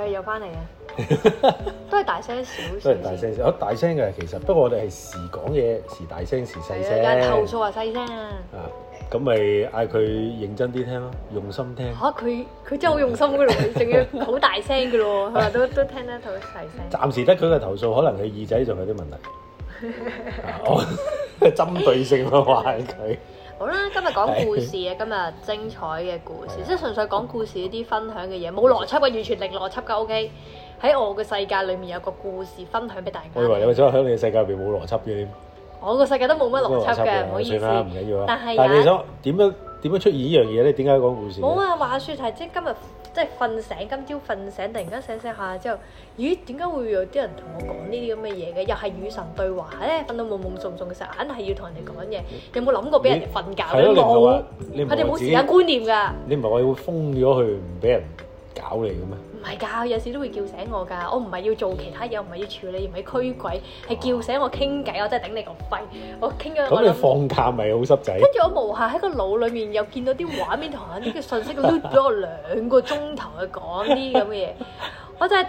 係又翻嚟啊！都係大聲少少，都係大聲少。我大聲嘅其實，不過我哋係時講嘢時大聲，時細聲。投訴話細聲啊！啊，咁咪嗌佢認真啲聽咯，用心聽。吓，佢佢真係好用心嘅咯，仲要好大聲嘅咯，係嘛？都都聽得到細聲。暫時得佢嘅投訴，可能佢耳仔仲有啲問題。我針對性咁話佢。好啦，今日講故事啊， 今日精彩嘅故事， 即係純粹講故事一啲分享嘅嘢，冇邏輯嘅，完全零邏輯噶，OK？喺我嘅世界裏面有個故事分享俾大家。 我以為你想喺你嘅世界入面冇邏輯嘅添？我個世界都冇乜邏輯嘅，唔好意思。但係有點樣點、啊、樣出現依樣嘢咧？點解要講故事？好啊，話說就係即係今日。即係瞓醒，今朝瞓醒，突然間醒醒下之後，咦？點解會有啲人同我講呢啲咁嘅嘢嘅？又係與神對話咧，瞓到懵懵鬆鬆嘅時候，硬係要同人哋講嘢，你有冇諗過俾人哋瞓覺咧？冇對，佢哋冇時間觀念㗎。你唔係話會封咗佢，唔俾人。搞你噶咩？唔係㗎，有時都會叫醒我㗎。我唔係要做其他嘢，唔係要處理，唔係驅鬼，係叫醒我傾偈、啊。我真係頂你個肺！我傾兩咗。咁你放假咪好濕仔？跟住我無下喺個腦裡面又見到啲畫面同啲嘅信息，load 咗 我兩個鐘頭去講啲咁嘅嘢。 我真係頂。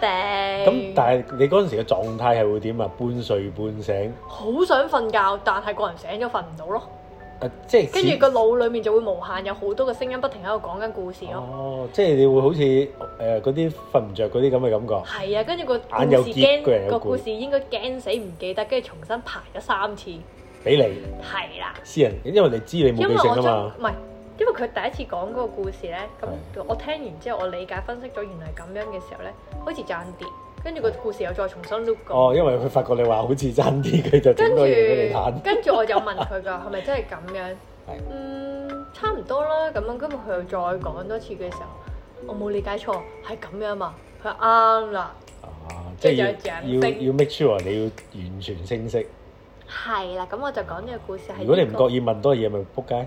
咁、嗯、但係你嗰陣時嘅狀態係會點啊？半睡半醒，好 想瞓覺，但係個人醒咗瞓唔到咯。啊、即係跟住個腦裏面就會無限有好多個聲音，不停喺度講緊故事咯。哦，即係你會好似誒嗰啲瞓唔着嗰啲咁嘅感覺？係啊，跟住個故事驚，怕個故事應該驚死唔記得，跟住重新排咗三次。俾你係啦，啊、私人，因為你知你冇記性啊嘛。因為我將唔係，因為佢第一次講嗰個故事咧，咁的我聽完之後，我理解分析咗，原來咁樣嘅時候咧，開始賺跌。跟住個故事又再重新 look 過。哦，因為佢發覺你話好似真啲，佢就整多嘢俾你攤。跟住，跟住我就問佢㗎，係咪真係咁樣？係。嗯，差唔多啦。咁樣，今日佢又再講多次嘅時候，我冇理解錯係咁樣嘛？佢話啱啦。啊，即係要要 make sure，你要完全清晰。係啦，咁我就講呢個故事係。如果你唔覺意問多嘢，咪撲街，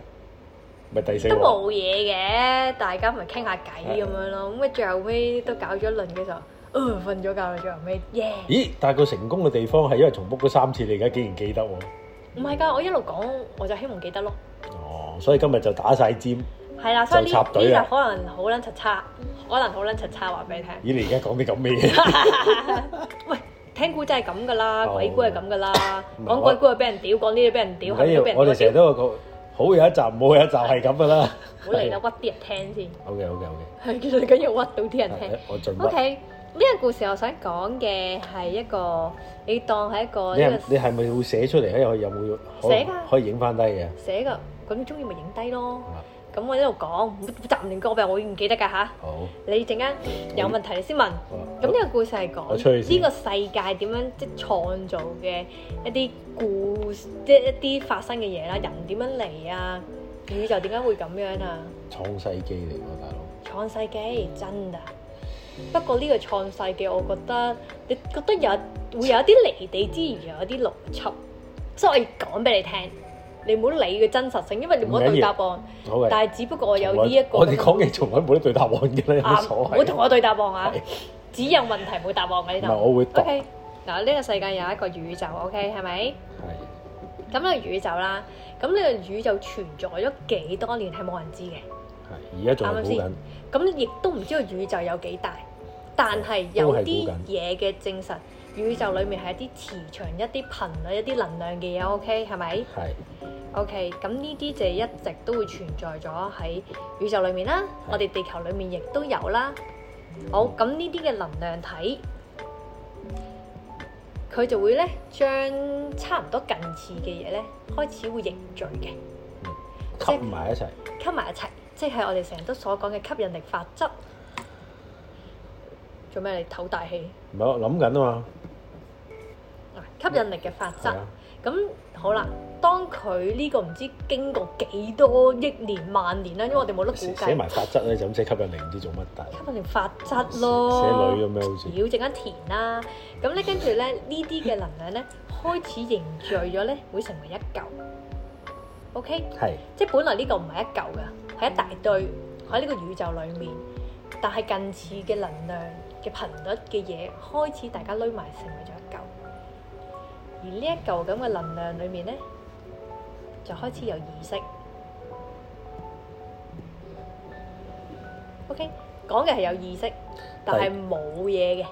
咪第四。都冇嘢嘅，大家咪傾下偈咁樣咯。咁啊，最後尾都搞咗輪嘅時候。啊！瞓咗覺啦，仲有咩嘢？咦！但係佢成功嘅地方係因為重複咗三次，你而家竟然記得喎？唔係㗎，我一路講我就希望記得咯。哦，所以今日就打晒尖，就插隊啊！可能好撚七叉，可能好撚七叉，話俾你聽。咦！你而家講啲咁嘅嘢？喂，聽故真係咁㗎啦，鬼故係咁㗎啦。講鬼故就俾人屌，講呢啲俾人屌，係要俾人屌。我哋成日都好有一集，冇有一集係咁㗎啦。唔好嚟啦，屈啲人聽先。O K O K O K。係，其實你梗要屈到啲人聽。O K。呢個故事我想講嘅係一個，你當係一個。你你係咪會寫出嚟咧？又又冇要寫噶，可以影翻低嘅。寫噶，咁你中意咪影低咯。咁我喺度講，雜亂歌嘅我已經唔記得噶吓。好，你陣間有問題你先問。咁呢個故事係講呢個世界點樣即係創造嘅一啲故事，即係一啲發生嘅嘢啦。人點樣嚟啊？宇宙點解會咁樣啊？創世紀嚟咯，大佬。創世紀，真噶。不過呢個創世嘅，我覺得你覺得有會有一啲離地之餘，有一啲邏輯，所以我講俾你聽，你唔好理佢真實性，因為你冇得對答案。行但係只不過我有呢、這、一個。我哋講嘅從來冇得對答案嘅啦，冇錯係。唔好同我對答案啊！是只有問題冇答案喺呢度。唔係我會讀。O K，嗱呢個世界有一個宇宙，O K 係咪？係、okay,。咁呢是個宇宙啦，咁呢個宇宙存在咗幾多年係冇人知嘅。係，而家仲喺度估緊。啱唔啱先？咁亦都唔知道宇宙有幾大，但係有啲嘢嘅精神，宇宙裏面係一啲磁場、一啲頻率、一啲能量嘅嘢，OK 係咪？係是，OK。咁呢啲就一直都會存在咗喺宇宙裏面啦，是我哋地球裏面亦都有啦。嗯、好，咁呢啲嘅能量體，佢就會咧將差唔多近似嘅嘢咧，開始會凝聚嘅、嗯，吸埋一齊，吸埋一齊。即係我哋成日都所講嘅吸引力法則，做咩你唞大氣？唔係我諗緊啊嘛。吸引力嘅法則，咁、嗯、好啦。當佢呢個唔知經過幾多億年萬年啦，因為我哋冇得估計。寫埋法則咧就咁寫吸引力，唔知做乜大。吸引力法則咯。寫，寫女咁樣好似。要陣間填啦，咁咧跟住咧呢啲嘅能量咧 開始凝聚咗咧，會成為一嚿。OK，係，即係本來呢個唔係一嚿㗎，係一大堆喺呢個宇宙裏面，但係近似嘅能量嘅頻率嘅嘢，開始大家攏埋成為咗一嚿，而呢一嚿咁嘅能量裏面咧，就開始有意識。OK，講嘅係有意識，但係冇嘢嘅，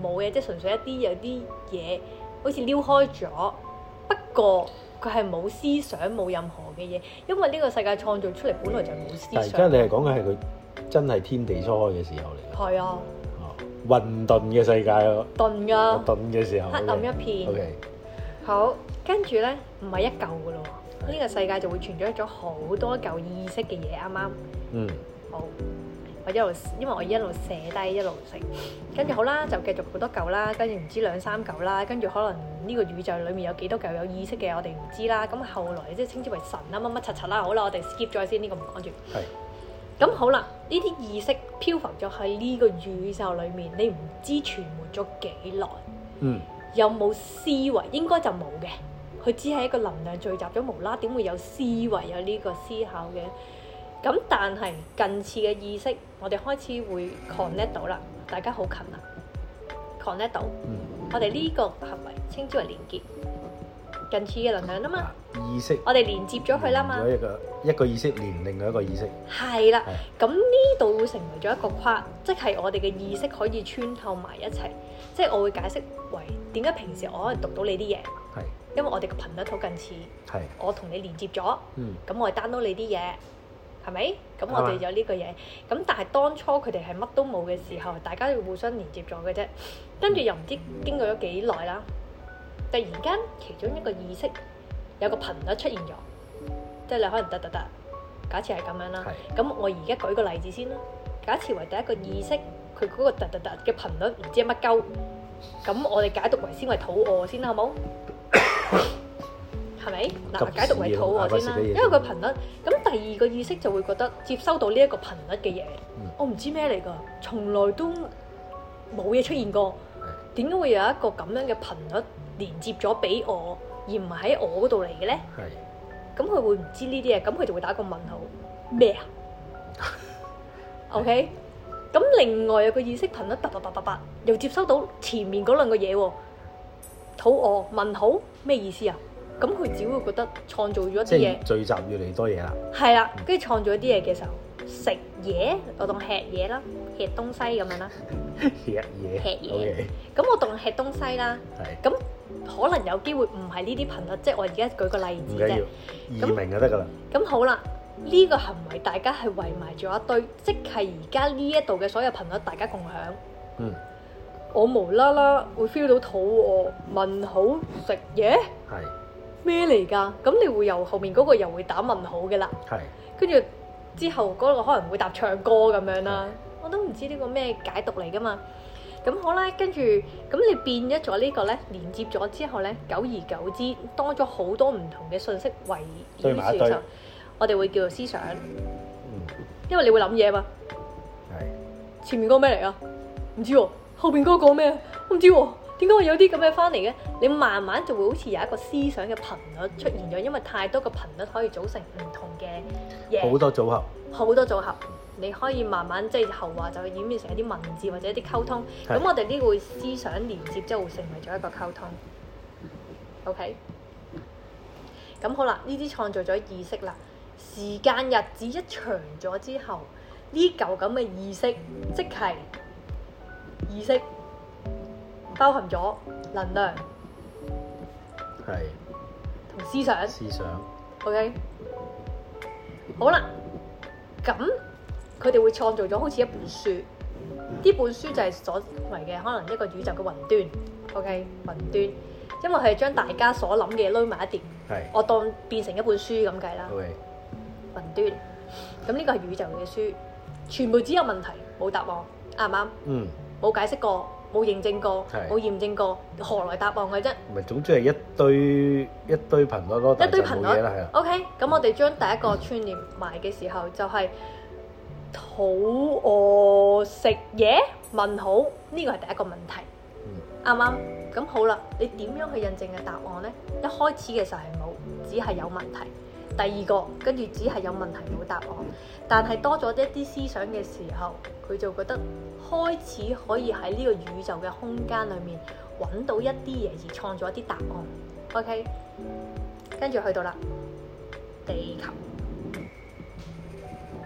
冇嘢即係純粹一啲有啲嘢好似撩開咗，不過。佢係冇思想冇任何嘅嘢，因為呢個世界創造出嚟本來就係冇思想。即係你係講嘅係佢真係天地初開嘅時候嚟嘅。係啊，混沌嘅世界咯，混沌嘅時候，黑暗一片。O K，好，跟住咧唔係一嚿嘅咯，呢個世界就會存在咗好多嚿意識嘅嘢，啱啱。嗯，好。我一路，因為我一路寫低一路食。跟住好啦，就繼續好多嚿啦，跟住唔知兩三嚿啦，跟住可能呢個宇宙裏面有幾多嚿有意識嘅，我哋唔知啦。咁後來即係稱之為神啦，乜乜柒柒啦，好啦，我哋 skip 咗先，呢、這個唔講住。係是。咁、嗯、好啦，呢啲意識漂浮咗喺呢個宇宙裡面，你唔知存活咗幾耐。嗯。有冇思維？應該就冇嘅。佢只係一個能量聚集咗，無啦點會有思維有呢個思考嘅？咁但係近似嘅意識，我哋開始會 connect 到啦，大家好近啦，connect 到。嗯。我哋呢個係咪稱之為連結。近似嘅能量啊嘛。意識。我哋連接咗佢啦嘛。一個一個意識連另外一個意識。係啦。係了。咁呢度會成為咗一個框，即係我哋嘅意識可以穿透埋一齊。即係我會解釋喂為點解平時我可以讀到你啲嘢。係是。因為我哋嘅頻率好近似。係是。我同你連接咗。嗯。咁我係 download 你啲嘢。係咪？咁我哋有呢個嘢。咁但係當初佢哋係乜都冇嘅時候，大家要互相連接咗嘅啫。跟住又唔知經過咗幾耐啦，突然間其中一個意識有個頻率出現咗，即係你可能突突突。假設係咁樣啦，咁我而家舉個例子先啦。假設為第一個意識，佢嗰個突突突嘅頻率唔知係乜鳩，咁我哋解讀為先為肚餓先啦，好冇？係咪嗱？解讀為肚餓先啦，因為個頻率咁，第二個意識就會覺得接收到呢一個頻率嘅嘢，我唔知咩嚟㗎，從來都冇嘢出現過，點解會有一個咁樣嘅頻率連接咗俾我，而唔係喺我嗰度嚟嘅咧？係，咁佢會唔知呢啲嘢，咁佢就會打一個問號，咩啊？OK，咁另外有個意識頻率，突突突突突，又接收到前面嗰兩個嘢喎，肚餓問號咩意思啊？咁佢只會覺得創造咗啲嘢，聚集越嚟越多嘢啦。係啦，跟住創造咗啲嘢嘅時候，食嘢我當吃嘢啦，吃東西咁樣啦，食嘢，吃嘢。咁我當吃東西啦。係。咁可能有機會唔係呢啲頻率，即係我而家舉個例子啫。咁明就得㗎啦。咁好啦，呢個行為大家係圍埋咗一堆，即係而家呢一度嘅所有頻率大家共享。嗯。我無啦啦會 feel 到肚餓，問好食嘢。係。咩嚟噶？咁你會由後面嗰個又會打問號嘅啦。係的。跟住之後嗰個可能會答唱歌咁樣啦。的我都唔知呢個咩解讀嚟噶嘛。咁好啦，跟住咁你變咗咗呢個咧，連接咗之後咧，久而久之多咗好多唔同嘅信息圍繞住就，我哋會叫做思想。嗯。因為你會諗嘢嘛。係的。前面嗰個咩嚟啊？唔知喎。後面嗰個講咩？我唔知喎、啊。點解會有啲咁嘅翻嚟嘅？你慢慢就會好似有一個思想嘅頻率出現咗，因為太多個頻率可以組成唔同嘅嘢，好多組合，好多組合。你可以慢慢即係、就是、後話就會演變成一啲文字或者一啲溝通。咁的我哋呢個會思想連接之後會成為咗一個溝通。OK，咁好啦，呢啲創造咗意識啦。時間日子一長咗之後，呢嚿咁嘅意識即係意識。包含咗能量對，係同思想，思想，OK，好啦，咁佢哋會創造咗好似一本書，呢、嗯、本書就係所謂嘅可能一個宇宙嘅雲端，OK，雲端，因為佢係將大家所諗嘅嘢攞埋一疊，係對我當變成一本書咁計啦，Okay. 雲端，咁呢個係宇宙嘅書，全部只有問題冇答案，啱唔啱？嗯，冇解釋過。冇認證過，冇驗證過，何來答案嘅啫？唔係總之係一堆一堆頻率囉，一堆頻率係啦，OK。咁我哋將第一個串連埋嘅時候，就係肚餓食嘢問好，呢個係第一個問題。啱唔啱？咁好啦，你點樣去印證嘅答案咧？一開始嘅時候係冇，只係有問題。第二個，跟住只係有問題冇答案，但係多咗一啲思想嘅時候，佢就覺得開始可以喺呢個宇宙嘅空間裏面揾到一啲嘢而創造一啲答案。OK，跟住去到啦，地球，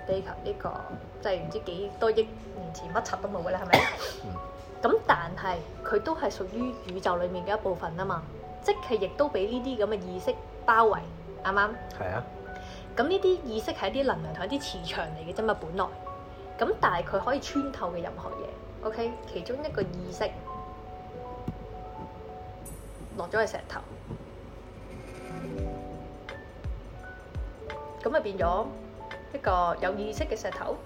地球呢個，即係唔知幾多億年前乜柒都冇啦，係咪？咁但係佢都係屬於宇宙裡面嘅一部分啊嘛，即係亦都俾呢啲咁嘅意識包圍。啱啱？係啊。咁呢啲意識係一啲能量同一啲磁場嚟嘅啫嘛，本來。咁但係佢可以穿透嘅任何嘢，OK？其中一個意識落咗去石頭，咁咪變咗一個有意識嘅石頭，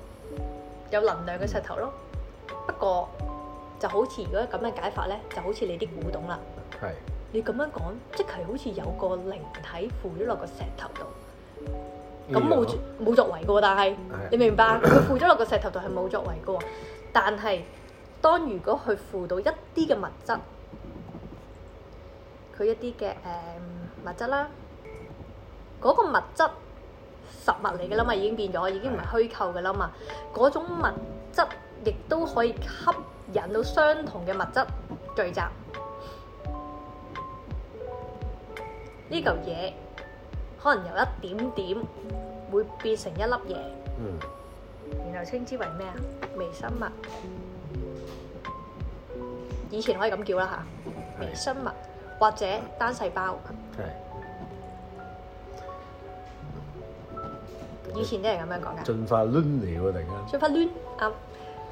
有能量嘅石頭咯。不過就好似如果咁嘅解法咧，就好似你啲古董啦。係。你咁樣講，即係好似有個靈體附咗落個石頭度，咁冇冇作為嘅喎。但係你明白，佢附咗落個石頭度係冇作為嘅喎。但係當如果佢附到一啲嘅物質，佢一啲嘅誒物質啦，嗰個物質實物嚟嘅啦嘛，已經變咗，已經唔係虛構嘅啦嘛。嗰種物質亦都可以吸引到相同嘅物質聚集。呢嚿嘢可能由一點點會變成一粒嘢，然後稱之為咩啊？微生物以前可以咁叫啦，嚇微生物或者單細胞。係。以前都係咁樣講嘅。進化亂嚟㗎，突然間。進化亂啊！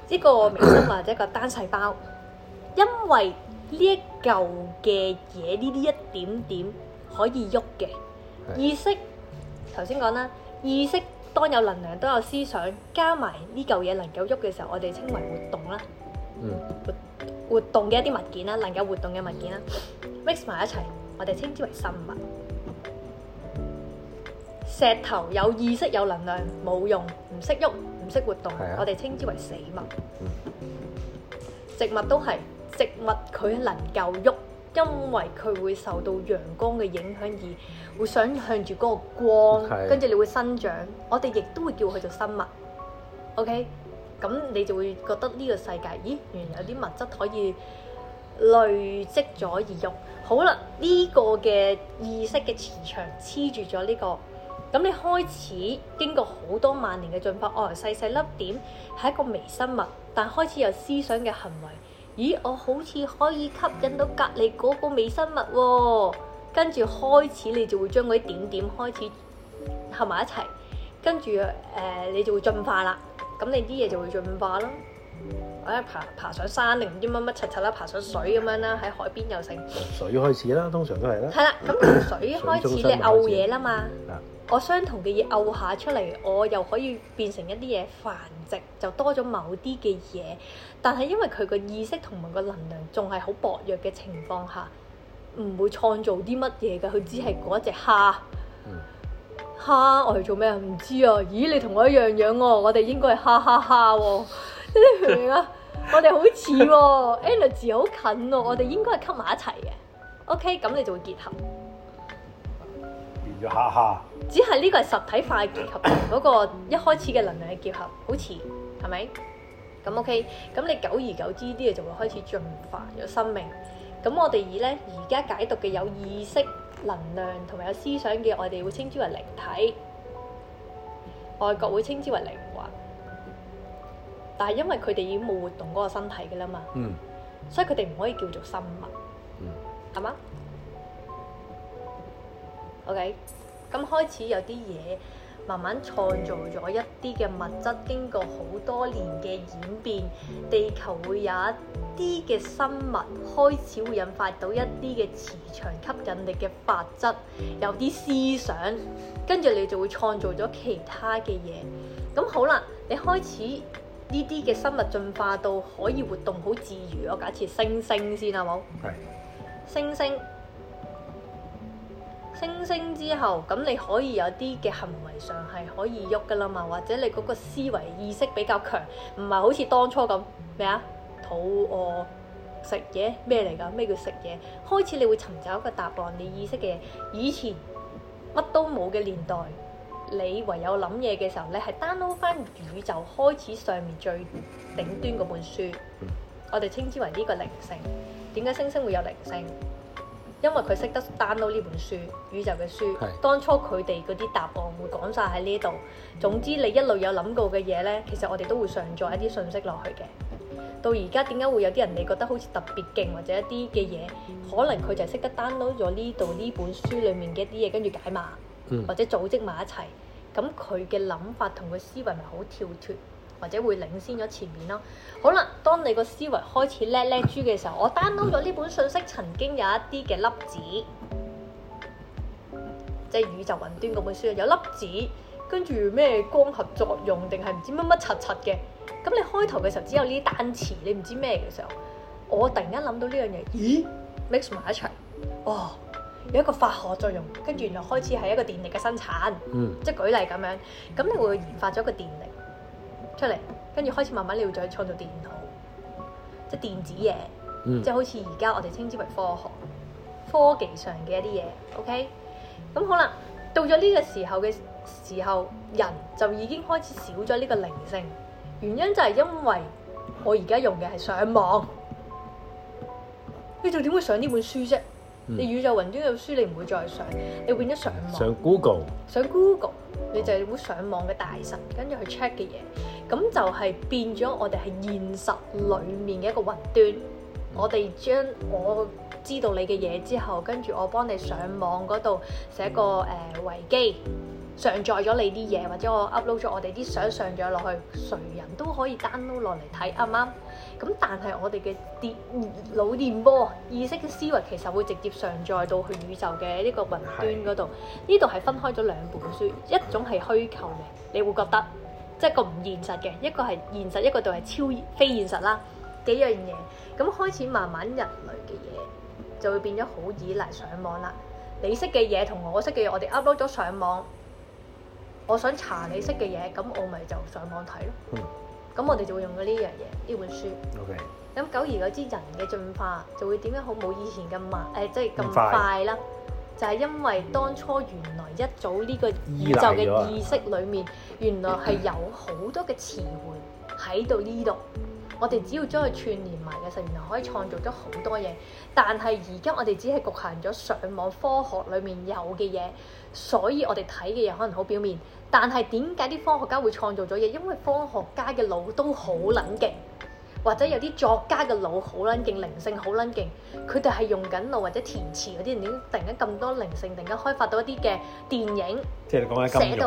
呢個微生物或者一個單細胞，因為呢一嚿嘅嘢呢啲一點點。可以喐嘅意識，頭先講啦，意識當有能量、都有思想，加埋呢嚿嘢能夠喐嘅時候，我哋稱為活動啦。活活動嘅一啲物件啦，能夠活動嘅物件啦，mix 埋一齊，我哋稱之為生物。石頭有意識、有能量，冇用，唔識喐，唔識活動，我哋稱之為死物。植物都係植物，佢能夠喐。因為佢會受到陽光嘅影響，而會想向住嗰個光，跟住 Okay. 你會生長。我哋亦都會叫佢做生物。OK，咁你就會覺得呢個世界，咦，原來有啲物質可以累積咗而用。好啦，呢、這個嘅意識嘅磁場黐住咗呢、這個，咁你開始經過好多萬年嘅進化，哦，細細粒點係一個微生物，但開始有思想嘅行為。咦，我好似可以吸引到隔籬嗰個微生物喎、哦，跟住開始你就會將嗰啲點點開始合埋一齊，跟住誒、呃、你就會進化啦，咁你啲嘢就會進化啦，或爬爬上山你唔知乜乜柒柒啦，爬上水咁樣啦，喺海邊又成。水開始啦，通常都係啦。係啦， 咁由水開始 水你嘔嘢啦嘛。我相同嘅嘢嘔下出嚟，我又可以變成一啲嘢繁殖，就多咗某啲嘅嘢。但係因為佢個意識同埋個能量仲係好薄弱嘅情況下，唔會創造啲乜嘢嘅。佢只係嗰一隻蝦，嗯、蝦我哋做咩啊？唔知啊！咦，你同我一樣樣喎、啊，我哋應該係蝦蝦蝦喎。點解？我哋好似喎，Energy 字好近喎，我哋應該係吸埋一齊嘅。OK，咁你就會結合。只係呢個係實體化結合嗰 個一開始嘅能量嘅結合，好似，係咪？咁 OK，咁你久而久之啲嘢就會開始進化有生命。咁我哋以呢而家解讀嘅有意識能量同埋有思想嘅，我哋會稱之為靈體，外國會稱之為靈魂。但係因為佢哋已經冇活動嗰個身體噶啦嘛，嗯、所以佢哋唔可以叫做生物，係嘛、嗯？咁、okay. 開始有啲嘢慢慢創造咗一啲嘅物質，經過好多年嘅演變，地球會有一啲嘅生物開始會引發到一啲嘅磁場吸引力嘅法則，有啲思想，跟住你就會創造咗其他嘅嘢。咁好啦，你開始呢啲嘅生物進化到可以活動好自如，我假設星星先啊，好冇？係 Okay. 星星。星星之後，咁你可以有啲嘅行為上係可以喐噶啦嘛，或者你嗰個思維意識比較強，唔係好似當初咁咩啊？肚餓食嘢咩嚟㗎？咩叫食嘢？開始你會尋找一個答案，你意識嘅以前乜都冇嘅年代，你唯有諗嘢嘅時候，你係 download 翻宇宙開始上面最頂端嗰本書，我哋稱之為呢個靈性。點解星星會有靈性？因為佢識得 download 呢本書《宇宙嘅書》是，當初佢哋嗰啲答案會講晒喺呢度。總之，你一路有諗過嘅嘢呢，其實我哋都會上載一啲信息落去嘅。到而家點解會有啲人你覺得好似特別勁，或者一啲嘅嘢，可能佢就係識得 download 咗呢度呢本書裡面嘅一啲嘢，跟住解碼、嗯、或者組織埋一齊。咁佢嘅諗法同佢思維咪好跳脱。或者會領先咗前面咯。好啦，當你個思維開始叻叻豬嘅時候，我 download 咗呢本信息曾經有一啲嘅粒子，即係宇宙雲端嗰本書有粒子，跟住咩光合作用定係唔知乜乜柒柒嘅。咁你開頭嘅時候只有呢啲單詞，你唔知咩嘅時候，我突然間諗到呢樣嘢，咦 mix 埋一齊，哦，有一個化學作用，跟住原來開始係一個電力嘅生產，嗯，即係舉例咁樣，咁你會研發咗一個電力。出嚟，跟住開始慢慢你要再創造電腦，即係電子嘢，嗯、即係好似而家我哋稱之為科學科技上嘅一啲嘢。OK，咁好啦，到咗呢個時候嘅時候，人就已經開始少咗呢個靈性。原因就係因為我而家用嘅係上網，你仲點會上呢本書啫？嗯、你宇宙雲端有書你唔會再上，你變咗上網，上 Google，上 Google。你就係會上網嘅大神，跟住去 check 嘅嘢，咁就係變咗我哋係現實裡面嘅一個雲端。我哋將我知道你嘅嘢之後，跟住我幫你上網嗰度寫個誒維、呃、基，上載咗你啲嘢，或者我 upload 咗我哋啲相上載落去，誰人都可以 download 落嚟睇，啱唔啱？咁但係我哋嘅腦電波意識嘅思維其實會直接上載到去宇宙嘅呢個雲端嗰度。呢度係分開咗兩本書，一種係虛構嘅，你會覺得即係個唔現實嘅；一個係現實，一個就係超非現實啦。幾樣嘢咁開始慢慢人類嘅嘢就會變咗好依賴上網啦。你識嘅嘢同我識嘅嘢，我哋 upload 咗上網。我想查你識嘅嘢，咁、嗯、我咪就，就上網睇咯。嗯咁我哋就會用到呢樣嘢，呢本書。OK。咁久而久之人嘅進化就會點樣好冇以前咁慢，誒，即係咁快啦。就係、是、因為當初原來一早呢個宇宙嘅意識裏面，原來係有好多嘅詞彙喺度呢度。 我哋只要將佢串聯埋嘅時候，原來可以創造咗好多嘢。但係而家我哋只係局限咗上網科學裡面有嘅嘢，所以我哋睇嘅嘢可能好表面。但係點解啲科學家會創造咗嘢？因為科學家嘅腦都好冷靜。或者有啲作家嘅腦好撚勁，靈性好撚勁，佢哋係用緊腦或者填詞嗰啲，點突然間咁多靈性，突然間開發到一啲嘅電影寫到，即係講喺今日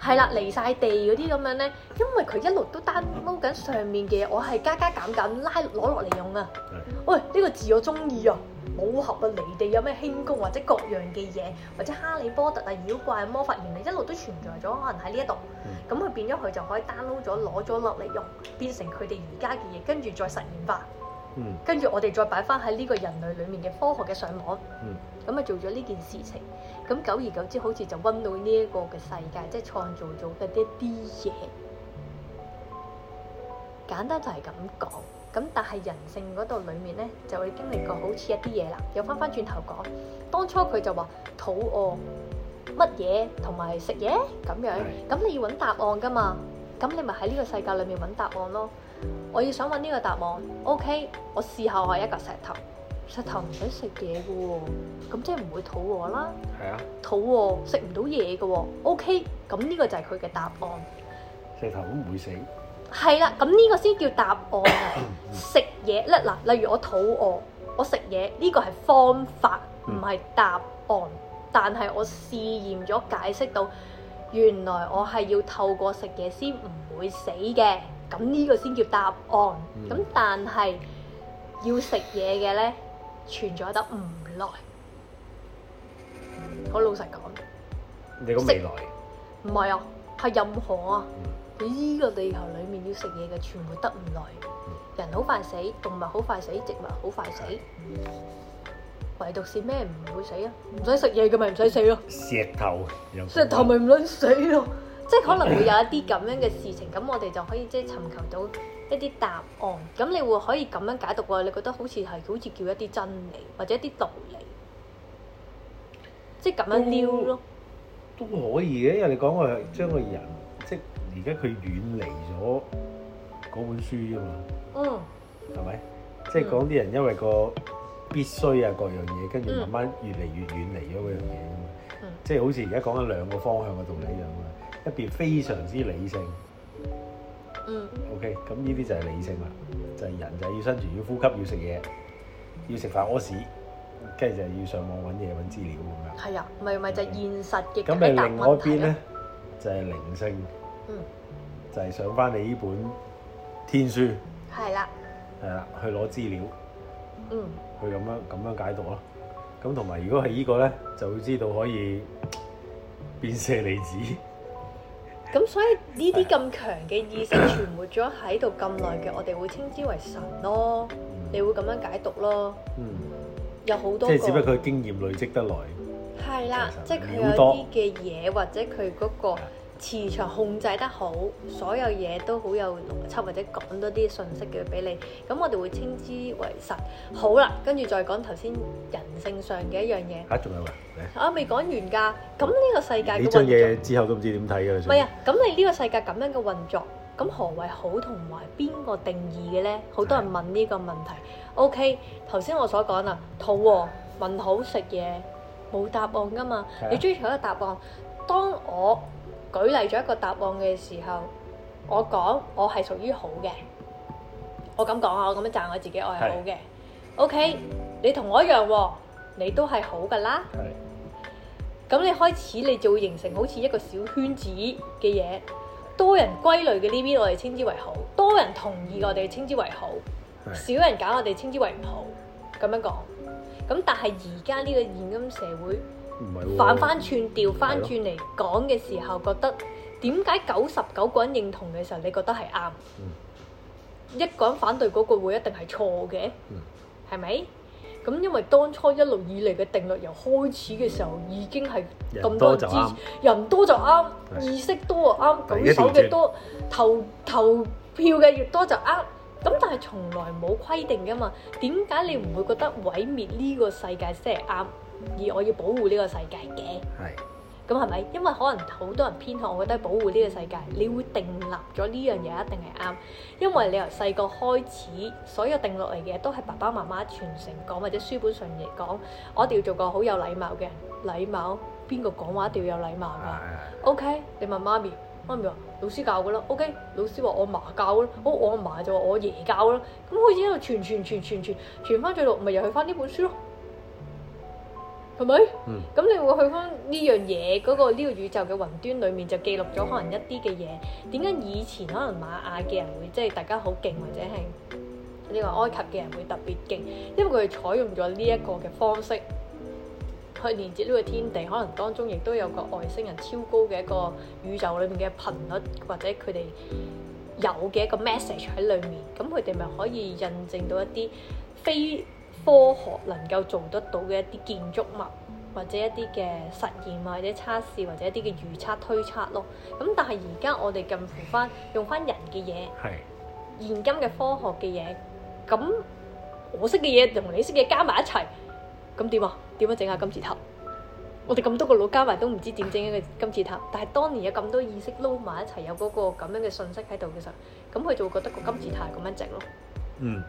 係啦，離晒地嗰啲咁樣咧，因為佢一路都單撈緊上面嘅嘢，嗯、我係加加減減拉攞落嚟用啊。嗯、喂，呢、呢個字我中意啊！武俠啊，你哋有咩輕功或者各樣嘅嘢，或者哈利波特啊、妖怪、啊、魔法原理一路都存在咗，可能喺呢一度。咁佢、嗯、變咗，佢就可以 download 咗，攞咗落嚟用，變成佢哋而家嘅嘢，跟住再實現化。跟住、嗯、我哋再擺翻喺呢個人類裡面嘅科學嘅上網。嗯。咁啊做咗呢件事情，咁久而久之，好似就温到呢一個嘅世界，即係創造咗嘅一啲嘢。嗯、簡單就係咁講。咁但係人性嗰度裏面咧，就會經歷過好似一啲嘢啦，又翻翻轉頭講，當初佢就話肚餓，乜嘢同埋食嘢咁樣，咁的你要揾答案噶嘛？咁你咪喺呢個世界裏面揾答案咯。我要想揾呢個答案，OK，我試下係一嚿石頭，石頭唔使食嘢噶喎，咁即係唔會肚餓啦。係啊的，肚餓食唔到嘢噶喎，OK，咁呢個就係佢嘅答案。石頭會唔會死？係啦，咁呢個先叫答案啊！ 食嘢咧嗱，例如我肚餓，我食嘢呢、這個係方法，唔係答案。嗯、但係我試驗咗解釋到，原來我係要透過食嘢先唔會死嘅。咁呢個先叫答案。咁、嗯、但係要食嘢嘅咧，存在得唔耐。嗯、我老實講，你未來食唔係啊，係任何啊。嗯喺呢個地球裏面，要食嘢嘅全部得唔耐，人好快死，動物好快死，植物好快死，唯獨是咩唔會死啊？唔使食嘢嘅咪唔使死咯。石頭，石頭咪唔撚死咯，即係可能會有一啲咁樣嘅事情，咁我哋就可以即係尋求到一啲答案。咁你會可以咁樣解讀啊？你覺得好似係好似叫一啲真理或者一啲道理，即係咁樣撩咯，都可以嘅。人哋講話將個人。而家佢遠離咗嗰本書啊嘛，嗯，係咪吧？嗯、即係講啲人因為個必須啊，各樣嘢，跟住、嗯、慢慢越嚟越遠離咗嗰樣嘢啊嘛，嗯、即係好似而家講緊兩個方向嘅道理一樣啊嘛。一邊非常之理性，嗯，OK，咁呢啲就係理性啦，就係、係、人就係要生存、要呼吸、要食嘢、要食飯、屙屎，跟住就係要上網揾嘢、揾資料咁樣。係、嗯、啊，咪咪就係、現實嘅咁、嗯，咪另外一邊咧就係靈性，呢呢嗯，就係上翻你呢本天書，係啦的，係啦，去攞資料，嗯，去咁樣咁樣解讀咯，咁同埋如果係呢個咧，就會知道可以變舍利子，咁所以呢啲咁強嘅意識 存活咗喺度咁耐嘅，我哋會稱之為神咯，嗯、你會咁樣解讀咯，嗯，有好多，即係只不過佢經驗累積得耐，係啦、嗯，即係佢有啲嘅嘢或者佢嗰、嗰個。磁場控制得好，所有嘢都好有邏輯，或者講多啲信息嘅俾你。咁我哋會稱之為實。好啦，跟住再講頭先人性上嘅一樣嘢。嚇，仲有啊？有啊，未講完㗎。咁呢個世界，呢將嘢之後都唔知點睇㗎。唔係啊，咁你呢個世界咁樣嘅運作，咁何為好同埋邊個定義嘅咧？好多人問呢個問題。的 OK，頭先我所講啦，肚餓問好食嘢，冇答案㗎嘛。的你追求一個答案，當我。舉例咗一個答案嘅時候，我講我係屬於好嘅，我咁講啊，我咁樣讚我自己，我係好嘅。是 o、okay, K，你同我一樣喎、哦，你都係好㗎啦。係是。咁你開始你就會形成好似一個小圈子嘅嘢，多人歸類嘅呢邊我哋稱之為好，多人同意我哋稱之為好，少是人搞，我哋稱之為唔好。咁樣講，咁但係而家呢個現今社會。反翻、哦、串、調翻轉嚟講嘅時候，覺得點解九十九個人認同嘅時候，你覺得係啱？嗯、一個人反對嗰個會一定係錯嘅，係咪、嗯？咁因為當初一路以嚟嘅定律，由開始嘅時候、嗯、已經係咁多人支持，人多就啱，就對意識多就啱，舉手嘅多，投投票嘅越多就啱。咁但係從來冇規定噶嘛？點解你唔會覺得毀滅呢個世界先係啱？而我要保護呢個世界嘅，咁係咪？因為可能好多人偏向，我覺得保護呢個世界，你會定立咗呢樣嘢一定係啱，因為你由細個開始，所有定落嚟嘅都係爸爸媽媽傳承講或者書本上嚟講，我一定要做個好有禮貌嘅人，禮貌邊個講話一定要有禮貌㗎。哎、呀 OK，你問媽咪，媽咪話老師教㗎咯。OK，老師話我媽教咯，好我阿媽就話我爺教咯，咁開始一度傳傳傳傳傳傳翻再落，咪又去翻呢本書咯。係咪？嗯，咁你會去返呢樣嘢嗰個呢個宇宙嘅雲端裡面，就記錄咗可能一啲嘅嘢。點解以前可能馬雅嘅人會即係大家好勁，或者係呢個埃及嘅人會特別勁？因為佢哋採用咗呢一個嘅方式去連接呢個天地，可能當中亦都有個外星人超高嘅一個宇宙裏面嘅頻率，或者佢哋有嘅一個 message 喺裡面。咁佢哋咪可以印證到一啲非科學能夠做得到嘅一啲建築物，或者一啲嘅實驗，或者測試，或者一啲嘅預測推測咯。咁但係而家我哋近乎翻用翻人嘅嘢，是現今嘅科學嘅嘢，咁我識嘅嘢同你識嘅加埋一齊，咁點啊？點樣整下金字塔？我哋咁多個腦加埋都唔知點整一個金字塔。但係當年有咁多意識撈埋一齊，有嗰個咁樣嘅信息喺度，嘅時候，咁佢就會覺得個金字塔係咁樣整咯。嗯。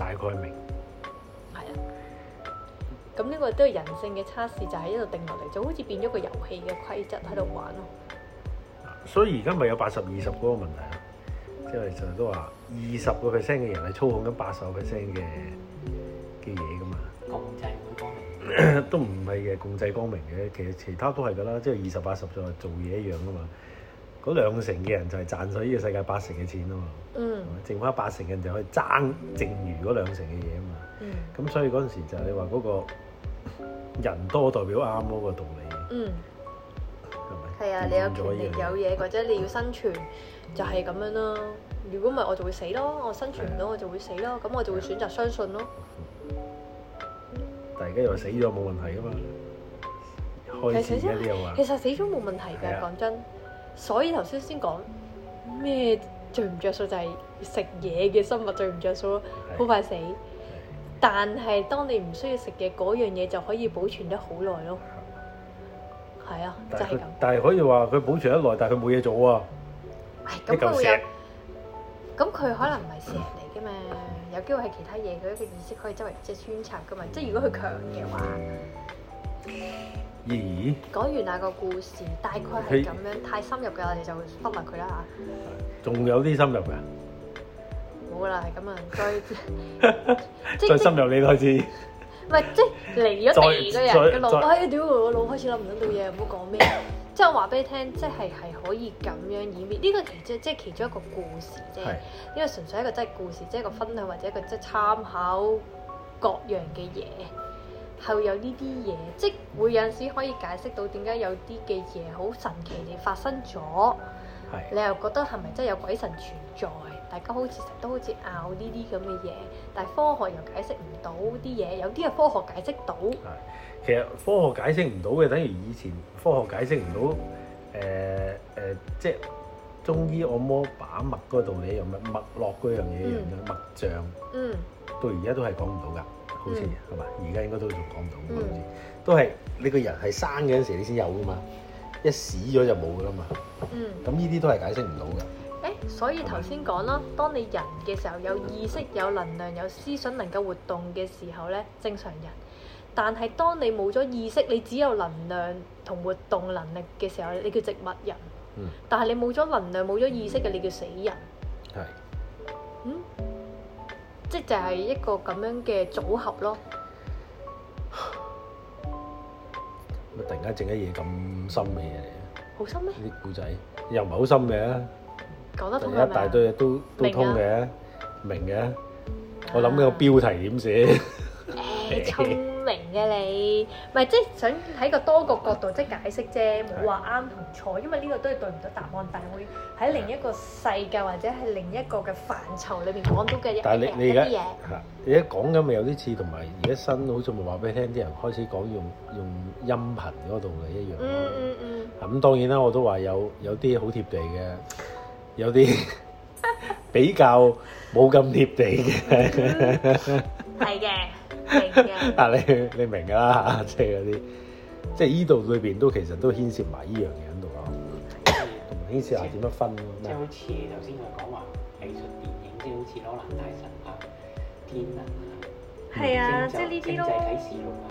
大概明，係啊，咁呢個都係人性嘅測試，就喺一度定落嚟，就好似變咗個遊戲嘅規則喺度玩咯，嗯。所以而家咪有八十二十嗰個問題咯，即係成日都話二十個 percent 嘅人係操控緊八十個 percent 嘅嘅嘢噶嘛，共， 共濟光明都唔係嘅，共濟光明嘅，其實其他都係噶啦，即係二十八十就係做嘢一樣噶嘛。嗰兩成嘅人就係賺咗呢個世界八成嘅錢啊嘛，嗯，剩翻八成嘅人就可以爭剩餘嗰兩成嘅嘢啊嘛，咁所以嗰陣時就係你話嗰個人多代表啱嗰個道理，嗯，係咪？係啊，你有權有嘢或者你要生存，就係咁樣咯。如果唔係，我就會死咯。我生存唔到，我就會死咯。咁我就會選擇相信咯。但係而家又死咗冇問題啊嘛，開心一啲又話，其實死咗冇問題嘅，講真。所以頭先先講咩最唔著數就係食嘢嘅生物最唔著數咯，好快死。但係當你唔需要食嘢，嗰樣嘢就可以保存得好耐咯。係啊，就係咁。但係可以話佢保存得耐，但係佢冇嘢做啊。咁佢會有？咁佢可能唔係蛇嚟嘅嘛，有機會係其他嘢，佢一個意思，可以周圍即係穿插嘅嘛。即係如果佢強嘅話。講完那個故事，大概係咁樣，太深入嘅我哋就忽略佢啦吓。仲有啲深入㗎？冇啦，咁啊，再 即即再深入你開始。唔係即離咗地嘅人嘅腦，哎屌再！我腦開始諗唔到嘢，唔好講咩。即係我話俾你聽，即係係可以咁樣演變。呢、這個其中即係、就是、其中一個故事啫。呢個的純粹係一個真係故事，即、就、係、是、一個分享或者一個即係參考各樣嘅嘢。係會有呢啲嘢，即係會有陣時可以解釋到點解有啲嘅嘢好神奇地發生咗，的你又覺得係咪真係有鬼神存在？大家好似成日都好似拗呢啲咁嘅嘢，但係科學又解釋唔到啲嘢，有啲係科學解釋到。係，其實科學解釋唔到嘅，等於以前科學解釋唔到誒誒，即係中醫按摩把脈嗰個道理一樣，脈絡嗰樣嘢一樣，脈象，嗯，到而家都係講唔到㗎。好似係嘛，而家、嗯、應該都仲講到都係你個人係生嘅嗰陣你先有㗎嘛，一死咗就冇㗎啦嘛。嗯。咁呢啲都係解釋唔到㗎。誒、欸，所以頭先講啦，吧當你人嘅時候有意識、有能量、有思想能夠活動嘅時候咧，正常人。但係當你冇咗意識，你只有能量同活動能力嘅時候，你叫植物人。嗯、但係你冇咗能量、冇咗意識嘅，嗯、你叫死人。係。即就係一個咁樣嘅組合咯。乜突然間整啲嘢咁深嘅嘢嚟？好深咩？啲故仔又唔係好深嘅，講得通係咪？一大堆嘢都都通嘅，明嘅。我諗呢個標題點寫？明嘅你，唔係即係想喺個多個角度即係解釋啫，冇話啱同錯，因為呢個都係對唔到答案，但係會喺另一個世界或者係另一個嘅範疇裏邊講到嘅一啲嘢。但係你你而家，你講緊咪有啲似，同埋而家新好似咪話俾你聽，啲人開始講用用音頻嗰度嘅一樣嗯。嗯嗯嗯。咁當然啦，我都話有有啲好貼地嘅，有啲比較冇咁貼地嘅。係嘅、嗯。 但你你明噶啦，即係嗰啲，即係呢度裏邊都其實都牽涉埋呢樣嘢喺度咯，牽涉下點樣分咯。即係好似頭先佢講話藝術電影，即係好似《羅蘭大神》啊，《天能》啊，《即係呢啲都係啟示錄》啊，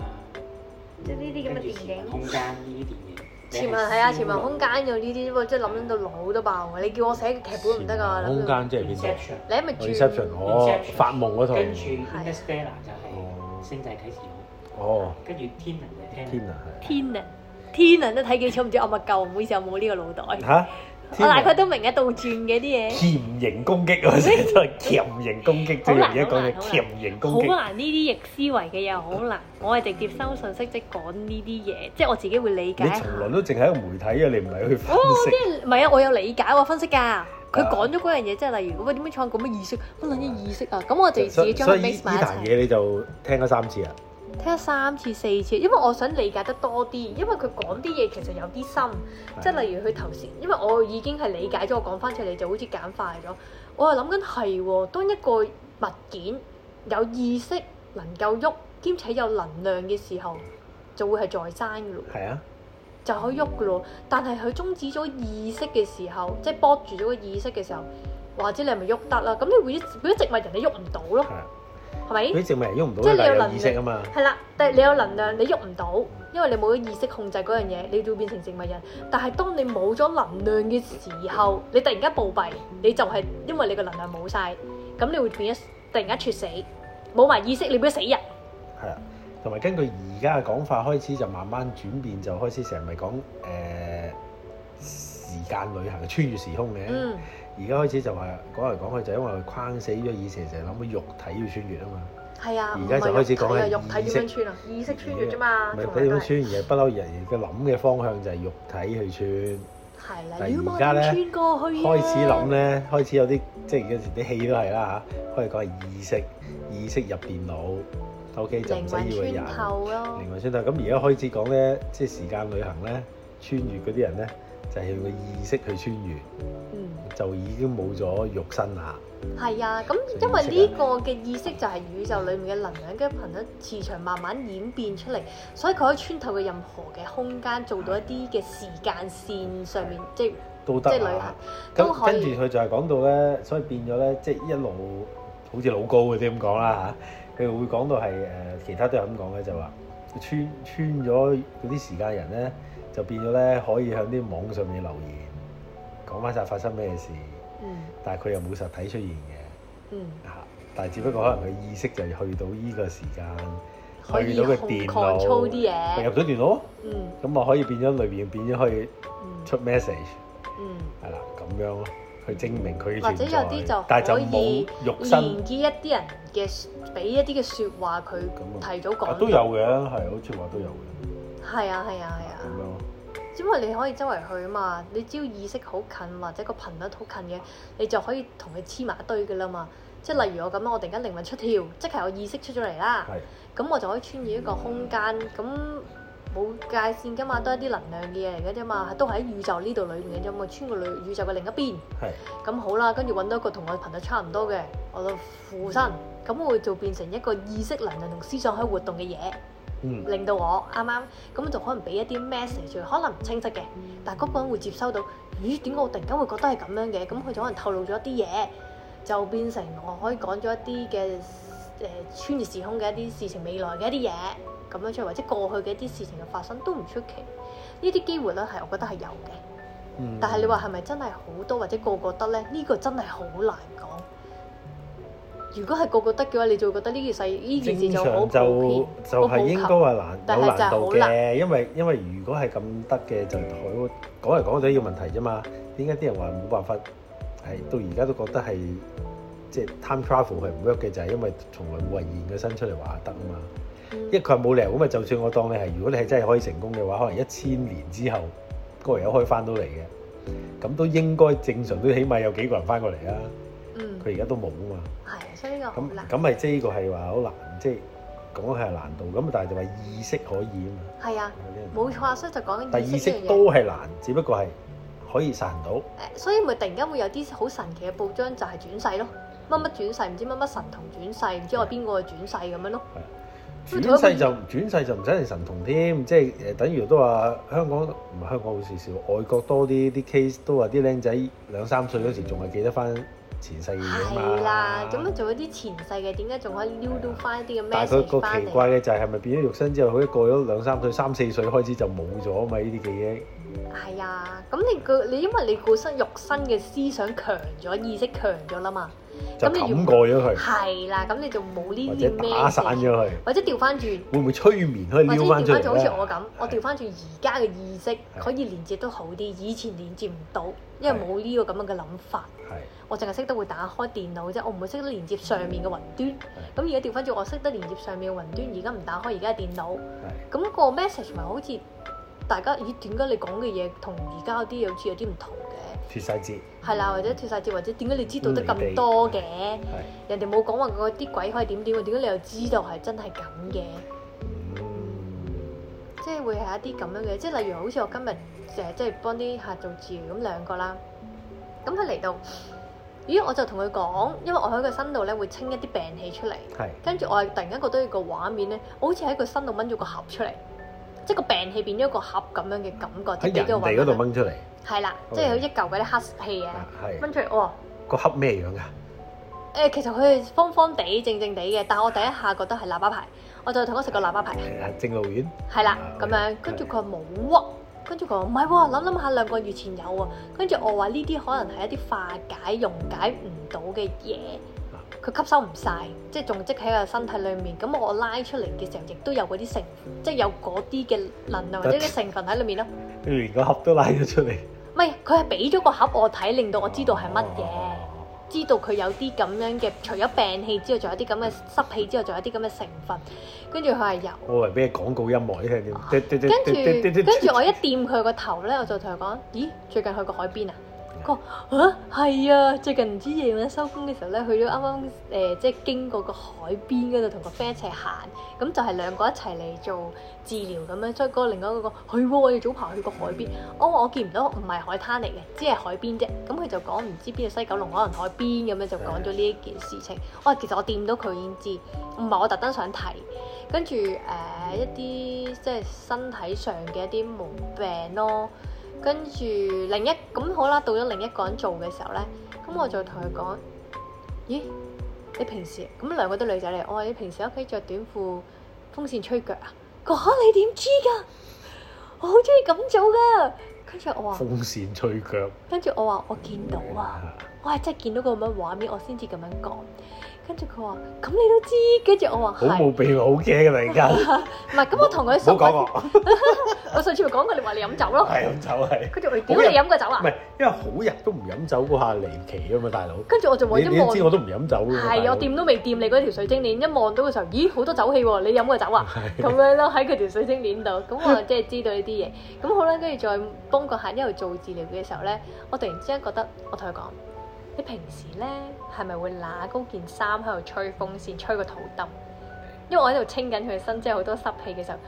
即係呢啲咁嘅電影。《空潛行》係啊，《潛行空間》又呢啲喎，即係諗到腦都爆，你叫我寫劇本唔得㗎？空間即係邊度？你係咪轉？發夢嗰套。星際啟示錄，哦，跟住天能就聽天能係。天能，天能都睇幾錯，唔知噏乜鳩，每時有冇呢個腦袋？嚇，我大概都明嘅倒轉嘅啲嘢。鉗形攻擊嗰啲，真係鉗形攻擊，即係一個嘅鉗形攻擊。好難呢啲逆思維嘅嘢，好難。我係直接收信息，即係講呢啲嘢，即係我自己會理解。你從來都淨係喺媒體啊，你唔係去分析。哦，即係唔係啊？我有理解我，分析㗎。佢講咗嗰樣嘢，即係例如喂點解創咁嘅意識，乜嘢意識啊？咁我哋自己將佢 mix 埋一齊。所以呢呢壇呢嘢你就聽咗三次啊？聽咗三次、四次，因為我想理解得多啲，因為佢講啲嘢其實有啲深。即係的例如佢頭先，因為我已經係理解咗，我講翻出嚟就好似簡化咗。我又諗緊係喎，當一個物件有意識能夠喐，兼且有能量嘅時候，就會係在生嘅。係啊。就可以喐噶咯，但係佢中止咗意識嘅時候，即係剝住咗個意識嘅時候，或者你係咪喐得啦？咁你會啲植物人你喐唔到咯，係咪？啲植物人喐唔到，即係你有能量，意識吖嘛？係啦，但係你有能量你喐唔到，因為你冇咗意識控制嗰樣嘢，你就會變成植物人。但係當你冇咗能量嘅時候，你突然間暴斃，你就係因為你個能量冇曬，咁你會變一突然間猝死，冇埋意識，你變咗死人。係啊。同埋根據而家嘅講法，開始就慢慢轉變，就開始成日咪講誒時間旅行穿越時空嘅。而家、嗯、開始就話講嚟講去就因為框死咗，以前成日諗乜肉體要穿越啊嘛。係啊，而家就開始講喺意識，肉體點穿啊？意識穿越啫嘛、啊。唔係點樣穿，而係不嬲而人嘅諗嘅方向就係肉體去穿。係啦、嗯。而家我穿過去咧、啊，開始諗咧，開始有啲即係而家時啲戲都係啦嚇。可以講係意識，意識入電腦。O.K. 就唔使要穿透咯，靈魂穿透咁而家開始講咧，即係時間旅行咧，穿越嗰啲人咧就係、是、用個意識去穿越，嗯，就已經冇咗肉身啦。係啊，咁因為呢個嘅意識就係宇宙裏面嘅能量頻、跟住頻率、磁場慢慢演變出嚟，所以佢可以穿透嘅任何嘅空間，做到一啲嘅時間線上面，即係行即係旅行、啊、都可以，咁跟住佢就係講到咧，所以變咗咧，即係一路好似老高嘅啲咁講啦嚇。佢會講到係誒，其他都有咁講嘅，就話穿穿咗嗰啲時間人咧，就變咗咧可以喺啲網上面留言，講翻晒發生咩事。嗯。但係佢又冇實體出現嘅。嗯。嚇！但係只不過可能佢意識就去到依個時間，去到個電腦，操啲嘢，入咗電腦。嗯。咁啊，可以變咗裏邊，變咗可以出 message。嗯。係啦，咁樣咯。證明佢或者有啲就可以但就連結一啲人嘅，俾一啲嘅説話佢提早講、啊、有都有嘅，係好似話都有嘅。係啊，係啊，係啊的。咁樣，因為你可以周圍去啊嘛，你只要意識好近或者個頻率好近嘅，你就可以同佢黐埋一堆噶啦嘛。即係例如我咁啊，我突然間靈魂出竅，即係我意識出咗嚟啦。咁的我就可以穿越一個空間咁。嗯冇界線噶嘛，都係一啲能量嘅嘢嚟嘅啫嘛，都喺宇宙呢度裏面嘅啫嘛，穿過宇宙嘅另一邊。係是。咁好啦，跟住揾到一個同我頻率差唔多嘅，我嘅附身，咁、嗯、我會就變成一個意識能量同思想可以活動嘅嘢，嗯、令到我啱啱，咁就可能俾一啲 message，可能唔清晰嘅，但係嗰個人會接收到，咦？點解我突然間會覺得係咁樣嘅？咁佢就可能透露咗一啲嘢，就變成我可以講咗一啲嘅。誒、呃、穿越時空嘅一啲事情，未來嘅一啲嘢咁樣出嚟，或者過去嘅一啲事情嘅發生都唔出奇，呢啲機會咧係我覺得係有嘅。嗯、但係你話係咪真係好多或者個個得咧？呢、呢個真係好難講。如果係個個得嘅話，你就會覺得呢件事呢件事情就好普遍。但係就，就應該難。難但係就係好難。因為因為如果係咁得嘅，就好講嚟講去都係呢個問題啫嘛。點解啲人話冇辦法係到而家都覺得係？即係 time travel 係唔 work 嘅，就係因為從來冇人現嘅身出嚟話得啊嘛。因為佢係冇理由。咁咪就算我當你係。如果你係真係可以成功嘅話，可能一千年之後，嗰個人有開翻到嚟嘅，咁、嗯、都應該正常，都起碼有幾個人翻過嚟啊。佢而家都冇啊嘛。係，所以呢個咁咁咪即係呢個係話好難，即係講係難度。咁但係就話意識可以啊嘛。係啊的，冇錯啊，所以就講緊意識。但意識都係難，只不過係可以實到。誒、呃，所以咪突然間會有啲好神奇嘅報章就係轉世咯。乜乜轉世，唔知乜乜神童轉世，唔知我邊個轉世咁樣咯。轉世就轉世就唔使係神童添，即係誒，等於都話香港唔係香港好少少，外國多啲啲 case 都話啲僆仔兩三歲嗰時仲係記得翻前世嘅嘢嘛。係啦，咁啊做一啲前世嘅，點解仲可以撩到翻一啲咁？但佢個奇怪嘅就係係咪變咗肉身之後，好似過咗兩三歲、三四歲開始就冇咗嘛？呢啲記憶係啊，咁你個你因為你本身肉身嘅思想強咗，意識強咗啦嘛。就抌過咗佢，係啦，咁你就冇呢啲咩，打散咗佢，或者調翻轉，會唔會催眠佢？或者調翻轉好似我咁，我調翻轉而家嘅意識可以連接都好啲，以前連接唔到，因為冇呢個咁樣嘅諗法。我淨係識得會打開電腦啫，我唔會識得連接上面嘅雲端。咁而家調翻轉，我識得連接上面嘅雲端，而家唔打開而家嘅電腦。咁個 message 咪好似大家咦？點解你講嘅嘢同而家嗰啲好似有啲唔同嘅？脱細節。係啦，或者脱晒節，或者點解你知道得咁多嘅？人哋冇講話嗰啲鬼可以點點，點解你又知道係真係咁嘅？即係會係一啲咁樣嘅，即係例如好似我今日誒，即係幫啲客做治療咁兩個啦。咁佢嚟到，咦？我就同佢講，因為我喺個身度咧會清一啲病氣出嚟。係。跟住我係突然間覺得一個畫面咧，好似喺個身度掹咗個盒出嚟，即係個病氣變咗個盒咁樣嘅感覺。喺人哋嗰度掹出嚟。係啦，Okay. 即係好似一嚿嗰啲黑氣啊，掹出嚟，個黑咩樣噶？誒，其實佢係方方地、正正地嘅，但係我第一下覺得係喇叭牌，我就同佢食個喇叭牌，正路丸。係啦的，咁、啊、樣跟住佢話冇喎，跟住佢話唔係喎，諗諗 okay, 下兩個月前有喎，跟住我話呢啲可能係一啲化解溶解唔到嘅嘢。佢吸收唔晒，即係仲積喺個身體裏面。咁我拉出嚟嘅時候，亦都有嗰啲成，嗯、即係有嗰啲嘅能量或者啲成分喺裏面咯。你 連個盒都拉咗出嚟？唔係，佢係俾咗個盒我睇，令到我知道係乜嘢，啊、知道佢有啲咁樣嘅，除咗病氣之外，仲有啲咁嘅濕氣之外，仲有啲咁嘅成分。跟住佢係有。我話咩廣告音樂你聽？跟住跟住我一掂佢個頭咧，我就同佢講：咦，最近去過海邊啊？佢話：嚇係啊，啊！最近唔知夜晚收工嘅時候咧，去咗啱啱誒，即係經過個海邊嗰度，同個 friend 一齊行。咁就係兩個一齊嚟做治療咁樣。所以嗰另外嗰個：去、哎、喎！我哋早排去過海邊。我、哦、我見唔到，唔係海灘嚟嘅，只係海邊啫。咁佢就講唔知邊度西九龍可能海邊咁樣，就講咗呢一件事情。我、哦、其實我掂到佢已經知，唔係我特登想提。跟住誒一啲即係身體上嘅一啲毛病咯。跟住另一咁好啦，到咗另一個人做嘅時候咧，咁我就同佢講：咦，你平時咁兩個都女仔嚟，我話你平時喺屋企着短褲，風扇吹腳啊！講你點知㗎？我好中意咁做㗎。跟住我話風扇吹腳，跟住我話我見到啊，我係真係見到個咁樣畫面，我先至咁樣講。跟住佢話：咁你都知？跟住我話：好無比，好驚嘅突而家！」唔係，咁我同佢冇講我上次咪講過你話你飲酒咯。係飲酒係。跟住我點解你飲過酒啊？唔係，因為好日都唔飲酒嗰下離奇啊嘛，大佬。跟住我就望一望。你點知我都唔飲酒㗎？係，我掂都未掂你嗰條水晶鏈，一望到嘅時候，咦，好多酒氣喎！你飲過酒啊？咁樣咯，喺佢條水晶鏈度，咁我即係知道呢啲嘢。咁好啦，跟住再幫個客一路做治療嘅時候咧，我突然之間覺得，我同佢講。你平時咧係咪會拿高件衫喺度吹風扇吹個肚墩？因為我喺度清緊佢嘅身，即係好多濕氣嘅時候，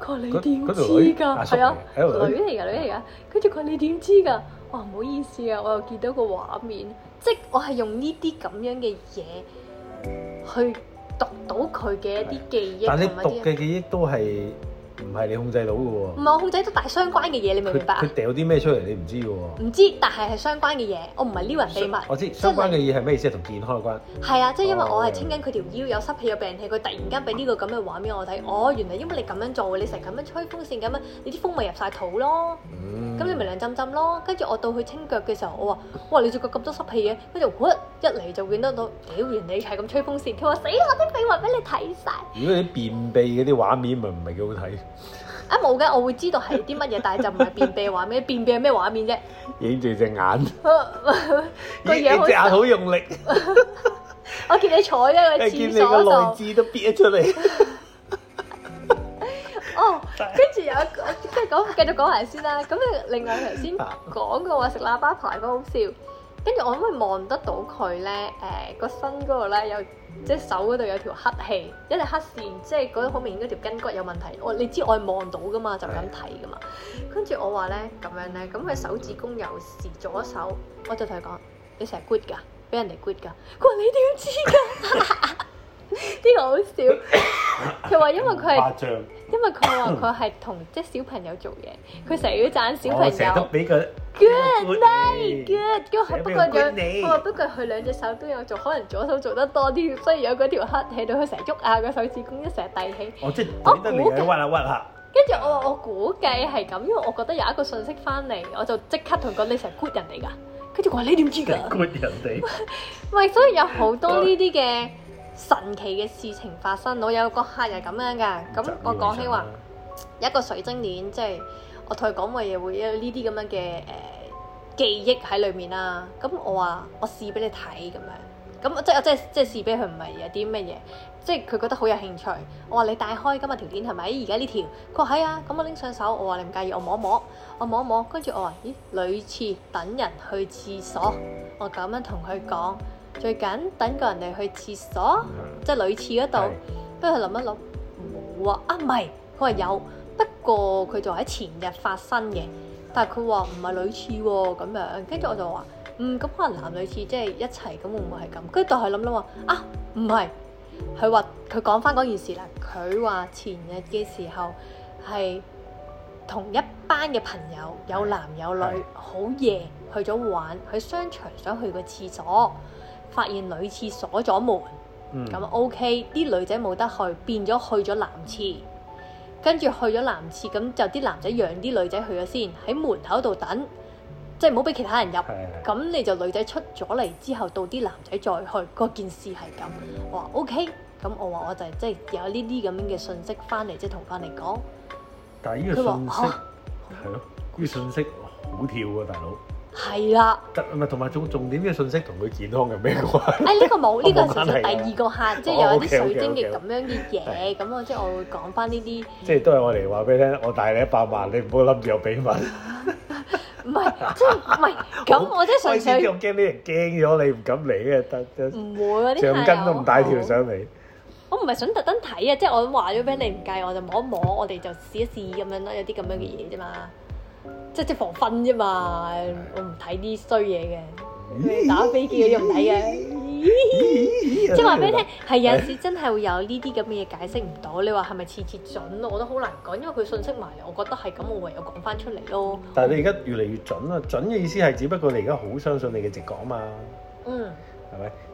佢話你點知噶？係、那個、啊，女嚟噶，女嚟噶。跟住佢話你點知噶？哇，唔好意思啊，我又見到個畫面，即係我係用呢啲咁樣嘅嘢去讀到佢嘅一啲記憶。但係你讀嘅記憶都係。唔係你控制到嘅喎，唔係我控制到，但係相關嘅嘢，你明唔明白？佢掉啲咩出嚟？你唔知嘅喎，唔知，但係係相關嘅嘢，我唔係撩人秘密。我知即是 相關嘅嘢係咩意思啊？同健康有關。係啊，即係因為我係清緊佢條腰有濕氣嘅病氣，佢突然間俾呢、呢個咁嘅畫面我睇，嗯、哦，原嚟因為你咁樣做，你成咁樣吹風扇咁樣，你啲風咪入晒肚咯，咁、嗯、你咪涼浸浸咯。跟住我到去清腳嘅時候，我話，哇，你隻腳咁多濕氣嘅，跟住一嚟就見得到，屌人哋係咁吹風扇，佢話死我啲秘密俾你睇晒！嗯，如果你便秘嗰啲畫面咪唔係幾好睇？啊冇嘅，我會知道係啲乜嘢，但係就唔係便秘話咩，便秘係咩畫面啫？影住隻眼，佢隻眼好用力。我見你坐喺個廁所度，見你個內痔都憋咗出嚟。哦，跟住有，跟住講，繼續講下先啦。咁誒，另外頭先講過話食喇叭牌好笑，跟住我因為望得到佢咧，誒個身嗰度咧有。即係手嗰度有條黑氣，一粒黑線，即係覺得好明顯嗰條筋骨有問題。我話你知我係望到噶嘛，就咁睇噶嘛。跟住我話咧咁樣咧，咁佢手指公有事左手，我就同佢講：你成日「good 噶，俾人哋 good 噶。佢話你點知㗎？啲好笑，佢話因為佢係，因為佢話佢係同即係小朋友做嘢，佢成日要讚小朋友，我成日都俾佢 good night good，不過不過佢，我話不過佢兩隻手都有做，可能左手做得多啲，所以有嗰條黑喺度。佢成日喐下嗰手指公，一成日遞起，我即係懟得嚟，屈下屈下。跟住我我估計係咁，因為我覺得有一個信息翻嚟，我就即刻同佢講，你成日 good 人哋噶，跟住我話你點知噶？good 人哋，唔係，所以有好多呢啲嘅。神奇嘅事情發生，我有個客人係咁樣㗎，咁、嗯、我講起話有、嗯、一個水晶鏈，即係我同佢講嘅嘢會有呢啲咁樣嘅誒、呃、記憶喺裏面啦。咁我話我試俾你睇咁樣，咁即係即係即係試俾佢，唔係有啲乜嘢，即係佢覺得好有興趣。我話你戴開今日條鏈係咪？而家呢條，佢話係啊。咁我拎上手，我話你唔介意，我摸一摸，我摸一摸，跟住我話咦，類似等人去廁所，我咁樣同佢講。嗯最近等個人哋去廁所，mm hmm. 即係女廁嗰度。跟住佢諗一諗，冇啊！啊，唔係，佢話有，不過佢就喺前日發生嘅。但係佢話唔係女廁喎、哦，咁樣，跟住我就話嗯，咁可能男女廁即係一齊咁會唔會係咁？跟住就係諗諗話啊，唔係，佢話佢講返嗰件事啦。佢話前日嘅時候係同一班嘅朋友，有男有女，好夜 Yes. 去咗玩，去商場想去個廁所。發現女廁鎖咗門，咁、嗯、OK，啲女仔冇得去，變咗去咗男廁，跟住去咗男廁，咁就啲男仔讓啲女仔去咗先，喺門口度等，即係唔好俾其他人入，咁、嗯、你就女仔出咗嚟之後，到啲男仔再去，嗰件事係咁，我話 OK，咁我話我就即係、即係、有呢啲咁樣嘅信息翻嚟，即係同翻嚟講。但係呢個信息係咯，啲信、啊呢個、息好跳啊，大佬。係啦，唔係同埋重重點嘅信息同佢健康有咩關係？哎，呢個冇，呢個係第二個客，即係有一啲水晶嘅咁樣嘅嘢，咁啊，即係我會講翻呢啲。即係都係我嚟話俾你聽，我帶你一百萬，你唔好諗住有秘密。唔係，唔係，咁我即係想有。開始都好驚啲人驚咗你唔敢嚟嘅，得唔會？兩根都唔帶條上嚟。我唔係想特登睇啊！即係我話咗俾你，唔計我就摸一摸，我哋就試一試咁樣啦，有啲咁樣嘅嘢啫嘛。即係即係防瞓啫嘛，嗯、我唔睇啲衰嘢嘅，嗯、打飛機嗰啲唔睇嘅。嗯、 即係話俾你聽，係有時真係會有呢啲咁嘅嘢解釋唔到。嗯、你話係咪次次準囉，我都好難講，因為佢信息埋嚟，我覺得係咁，我唯有講翻出嚟咯。嗯、但係你而家越嚟越準啦，準嘅意思係只不過你而家好相信你嘅直覺啊嘛。嗯，係咪？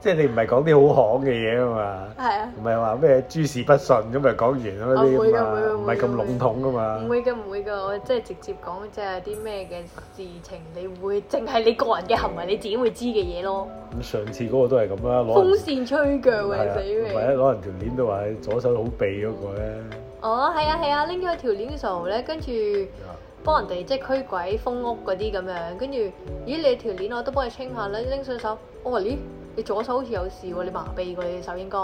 即係你唔係講啲好戇嘅嘢啊嘛，係啊，唔係話咩諸事不順咁咪講完嗰啲啊嘛，唔係咁籠統噶嘛。唔會嘅，唔會嘅，我即係直接講即係啲咩嘅事情，你會淨係你個人嘅行為，你自己會知嘅嘢咯。咁上次嗰個都係咁啦，攞風扇吹腳，會死未？唔係啊，攞人條鏈都話左手好痹嗰個咧。哦，係啊係啊，拎咗條鏈嘅時候咧，跟住幫人哋即係驅鬼封屋嗰啲咁樣，跟住咦你條鏈我都幫你清下啦，拎上手，我話咦？你左手好似有事喎，你麻痹過你隻手應該？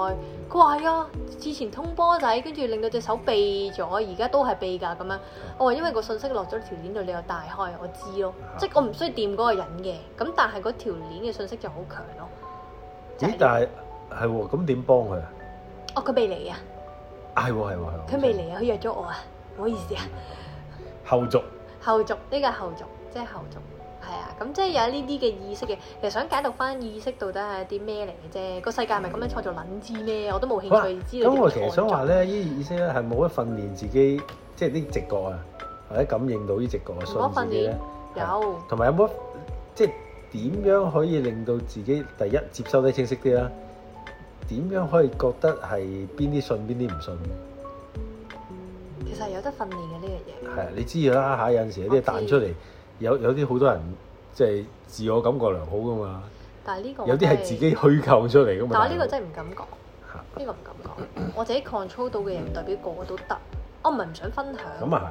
佢話係啊，之前通波仔，跟住令到隻手痹咗，而家都係痹㗎咁樣。我話因為個信息落咗條鏈度，你又大開，我知咯，即係我唔需要掂嗰個人嘅，咁但係嗰條鏈嘅信息就好強咯。咦？但係係喎，咁點幫佢啊？哦，佢未嚟啊！啊，係喎，係喎，係喎。佢未嚟啊？佢約咗我啊？唔好意思啊。後續。後續呢個係後續，即係後續。係啊，咁即係有呢啲嘅意識嘅，其實想解讀翻意識到底係啲咩嚟嘅啫？個世界咪咁樣創造諗知咩？嗯、我都冇興趣。啊、知。咁、啊、我其實想話咧，呢意識咧係冇得訓練自己，即係啲直覺啊，或者感應到啲直覺嘅信唔信有。同埋、啊、有冇即係點樣可以令到自己第一接收得清晰啲啊？點樣可以覺得係邊啲信邊啲唔信、嗯？其實係有得訓練嘅呢樣嘢。係啊，你知啦，下有陣時有啲彈出嚟。有有啲好多人即係自我感覺良好㗎嘛，但係呢個、就是、有啲係自己虛構出嚟㗎嘛。但係呢個真係唔敢講，呢、啊、個唔敢講。嗯、我自己 control 到嘅嘢唔代表個個都得。我唔係唔想分享，就是、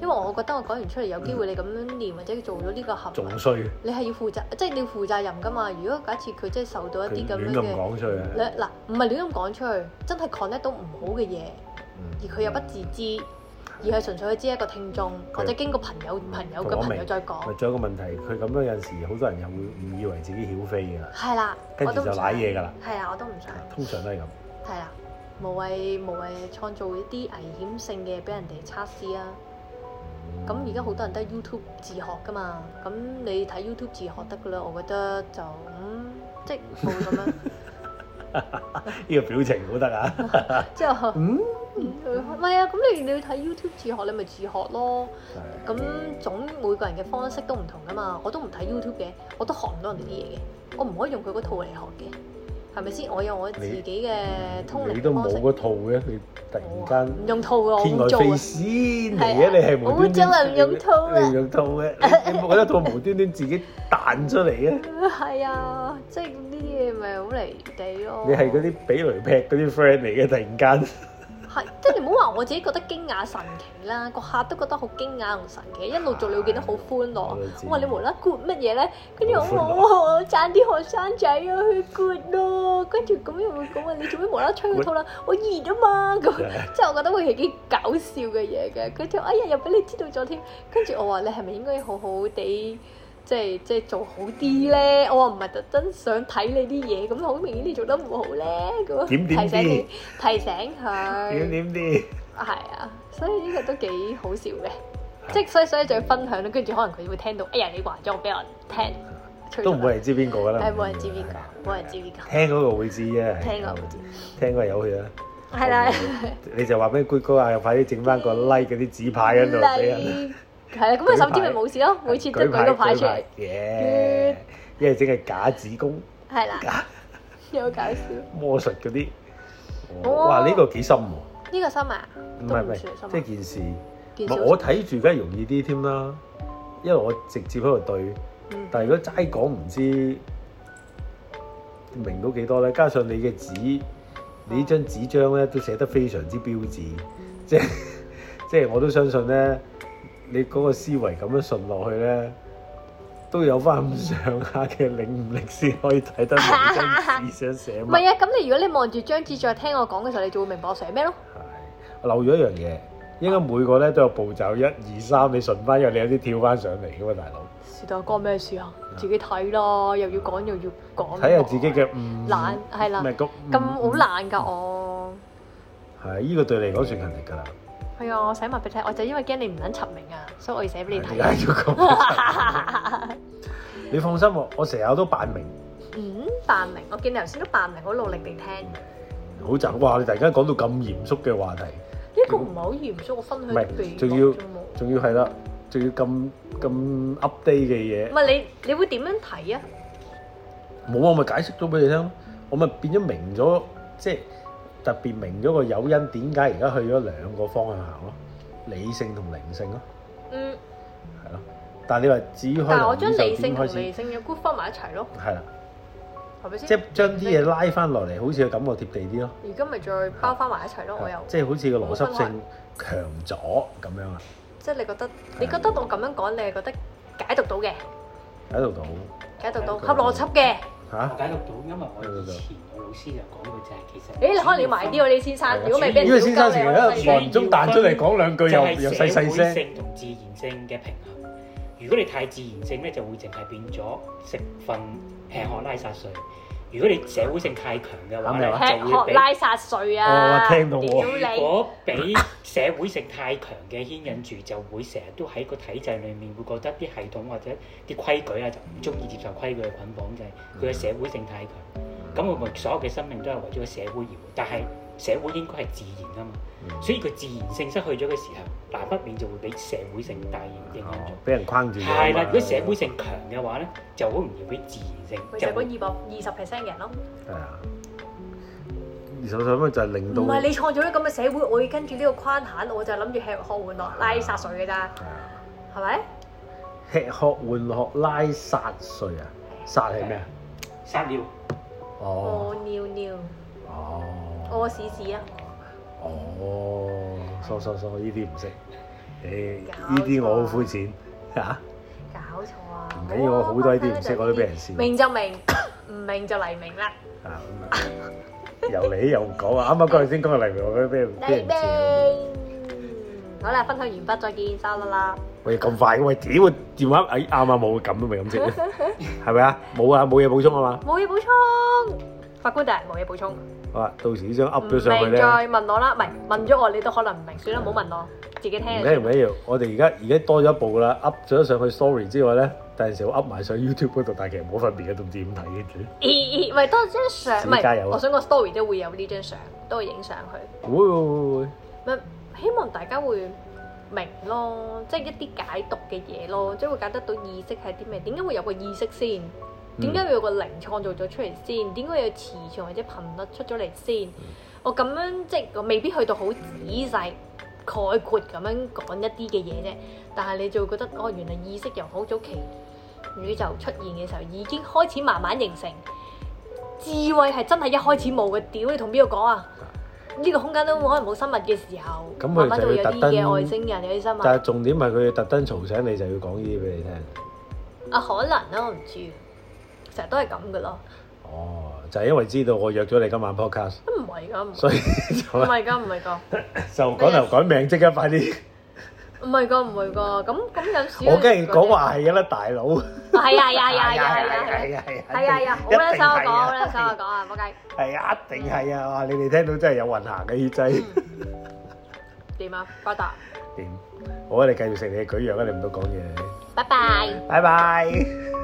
因為我覺得我講完出嚟有機會你咁樣念、嗯、或者做咗呢個合，你係要負責，即、就、係、是、你要負責任㗎嘛。如果假設佢真係受到一啲咁樣嘅，講出去你嗱唔係亂咁講出去，真係 control 到唔好嘅嘢，而佢又不自知。而係純粹去知一個聽眾，或者經過朋友、朋友嘅朋友再講。仲有個問題，佢咁樣有時，好多人又會誤以為自己曉飛㗎，跟住就瀨嘢㗎啦。係啊，我都唔想。通常都係咁。係啊，無謂無謂創造一啲危險性嘅俾人哋測試啊。咁而家好多人都係 YouTube 自學㗎嘛，咁你睇 YouTube 自學得㗎啦，我覺得就咁、嗯、即係冇咁樣。呢 個表情好得啊！即 係、 嗯唔係啊，咁你你要睇 YouTube 自學，你咪自學咯。咁總每個人嘅方式都唔同㗎嘛。我都唔睇 YouTube 嘅，我都學唔到人哋啲嘢嘅。我唔可以用佢嗰套嚟學嘅，係咪先？我有我自己嘅通靈。你都冇嗰套嘅，佢突然間天外飛仙嚟嘅，你係冇將來唔用套嘅。唔用套嘅，我一套無端端自己彈出嚟嘅。係啊，即係呢啲嘢咪好離地咯。你係嗰啲俾雷劈嗰啲 friend 嚟嘅，突然間。係，即係你唔好話我自己覺得驚訝神奇啦，個 客都覺得好驚訝同神奇，一路做你會見到好歡樂。 樂我話你無啦啦 good 乜嘢咧？跟住我話我賺啲學生仔啊去 good 咯，啊，跟住咁樣咁啊，你做咩無啦啦吹佢套啦？ 我熱啊嘛，咁 即係 我覺得會係幾搞笑嘅嘢嘅。佢就哎呀又俾你知道咗添，跟住我話你係咪應該好好地。即係即係做好啲咧，我話唔係特登想睇你啲嘢，咁好明顯你做得唔好咧，咁點點提醒你，提醒佢。點點啲？係啊，所以呢個都幾好笑嘅，即係所以所以就分享咯，跟住可能佢會聽到，哎呀你話咗俾我聽，都唔會人知邊個噶啦，係冇人知邊個，冇人知邊個。聽嗰個會知啊。聽嗰個會知。聽嗰個有去啦。係啦。你就話俾居居啊，又快啲整翻個 like 嗰啲紙牌喺度俾人。係啊，咁佢手指咪冇事咯，每次都舉個牌出嚟，因為真係假子宮，係啦，又搞笑，魔術嗰啲，哇呢個幾深喎，呢個深啊，唔係唔係，即係件事，我睇住梗係容易啲添啦，因為我直接喺度對，但係如果齋講唔知明到幾多咧，加上你嘅紙，你張紙張咧都寫得非常之標誌，即係即係我都相信咧。你嗰個思維咁樣順落去咧，都有翻唔上下嘅領悟力先可以睇得明張志想寫乜。唔係啊，咁你如果你望住張志再聽我講嘅時候，你就會明白我寫咩咯。留咗一樣嘢，應該每個咧都有步驟，一二三，你順翻，因為你有啲跳翻上嚟噶嘛，大佬。是但關咩事啊？自己睇咯，又要講又要講。睇下自己嘅唔懶係啦。咁咁好懶㗎我。係，呢個對你講算勤力㗎啦。係啊，我寫埋俾你睇，我就因為驚你唔撚尋名啊，所以我要寫俾你睇。點解要咁？你放心喎，我成日都扮明。嗯，扮明，我見你頭先都扮明，好努力地聽。好雜，哇！你突然間講到咁嚴肅嘅話題，呢個唔係好嚴肅，我分享俾仲要仲要係啦，仲要咁咁 update 嘅嘢。唔係你，你會點樣睇啊？冇啊，我咪解釋咗俾你聽，我咪變咗明咗，即係。特別明咗個誘因點解而家去咗兩個方向行咯，理性同靈性咯，嗯，係咯，但係你話至於開五十五點開始，嗱我將理性同靈性嘅 group 放埋一齊咯，係啦，係咪先？即係將啲嘢拉翻落嚟，好似個感覺貼地啲咯。而家咪再包翻埋一齊咯，我又即係好似個邏輯性強咗咁樣啊！即係你覺得？你覺得我咁樣講，你係覺得解讀到嘅？解讀到，解讀到合邏輯嘅。嚇！啊、我解讀到，因為我以前個老師就講過，就係其實誒誒，你可能要買、啊、你埋啲喎啲先生，的如果未俾人屌鳩你，又細細聲。社會性同自然性嘅平衡，如果你太自然性咧，就會淨係變咗食瞓吃喝拉撒睡。如果你社會性太強嘅話咧，是是就會被拉殺碎啊！如果俾社會性太強嘅牽引住，就會成日都喺個體制裡面會覺得啲系統或者啲規矩啊，就唔中意接受規矩嘅捆綁。就係佢嘅社會性太強，咁我咪所有嘅生命都係為咗個社會而活，但係，社會應該係自然啊嘛，所以佢自然性失去咗嘅時候，難不免就會俾社會性大影響咗。俾人框住。係啦，如果社會性強嘅話咧，就好容易俾自然性。就嗰二百二十 percent 嘅人咯。係啊。二十 percent 就係令到。唔係你創造咗咁嘅社會，我要跟住呢個框限，我就係諗住吃喝玩樂拉撒水嘅咋。係啊。係咪？吃喝玩樂拉撒水啊！撒係咩啊？撒尿。哦。屙尿尿。哦。我試試啊！哦，疏疏疏，呢啲唔識，誒，呢啲我好膚淺吓，搞錯啊！唔緊要，我好多啲都唔識，我都俾人笑。明就明，唔明就黎明啦。啊咁啊！又嚟又講啊！啱啱過嚟先講個黎明，咩咩咩？黎明好啦，分享完畢，再見，收啦啦。喂，咁快嘅喂，點會電話？哎，啱啱冇咁都未咁識，係咪啊？冇啊，冇嘢補充啊嘛。冇嘢補充，法官大人冇嘢補充。哇！到時你想噏咗上去咧？唔明再問我啦，唔係問咗我你都可能唔明，算啦，唔好問我，自己聽。唔緊要，我哋而家而家多咗一步噶啦，噏咗上去 story 之外咧，第陣時會噏埋上 YouTube 嗰度，但係其實冇分別嘅，都唔知點睇嘅。唔係多張相，唔係，我想個 story 都會有呢張相，都會影上去。會會會。咪希望大家會明咯，即係一啲解讀嘅嘢咯，即係會解得到意識係啲咩？點解會有個意識先？點解會有個零創造咗出嚟先？點解要有磁場或者頻率出咗嚟先？我咁樣即係未必去到好仔細、嗯、概括咁樣講一啲嘅嘢啫。但係你就覺得，哦，原來意識由好早期宇宙出現嘅時候已經開始慢慢形成，智慧係真係一開始冇嘅。屌你同邊個講啊？呢、嗯、個空間都可能冇生物嘅時候，嗯、慢慢都會有啲嘅外星人、嗯、有啲生物。但係重點係佢要特登嘈醒你，就要講呢啲俾你聽。啊，可能咯，我唔知。成日都係咁噶咯。哦，就係因為知道我約咗你今晚 podcast。都唔係噶。所以。唔係噶，唔係噶。就改頭改名，即刻快啲。唔係噶，唔係噶。咁咁有少。我跟住講話係噶啦，大佬。係啊，係啊，係啊，係啊，係啊，係啊，係啊，好啦，等我講，等我講啊，唔該。係啊，一定係啊，你哋聽到真係有運行嘅氣質。點啊，哥達？點？好，你繼續食你嘅舉薦啦，你唔好講嘢。拜拜。拜拜。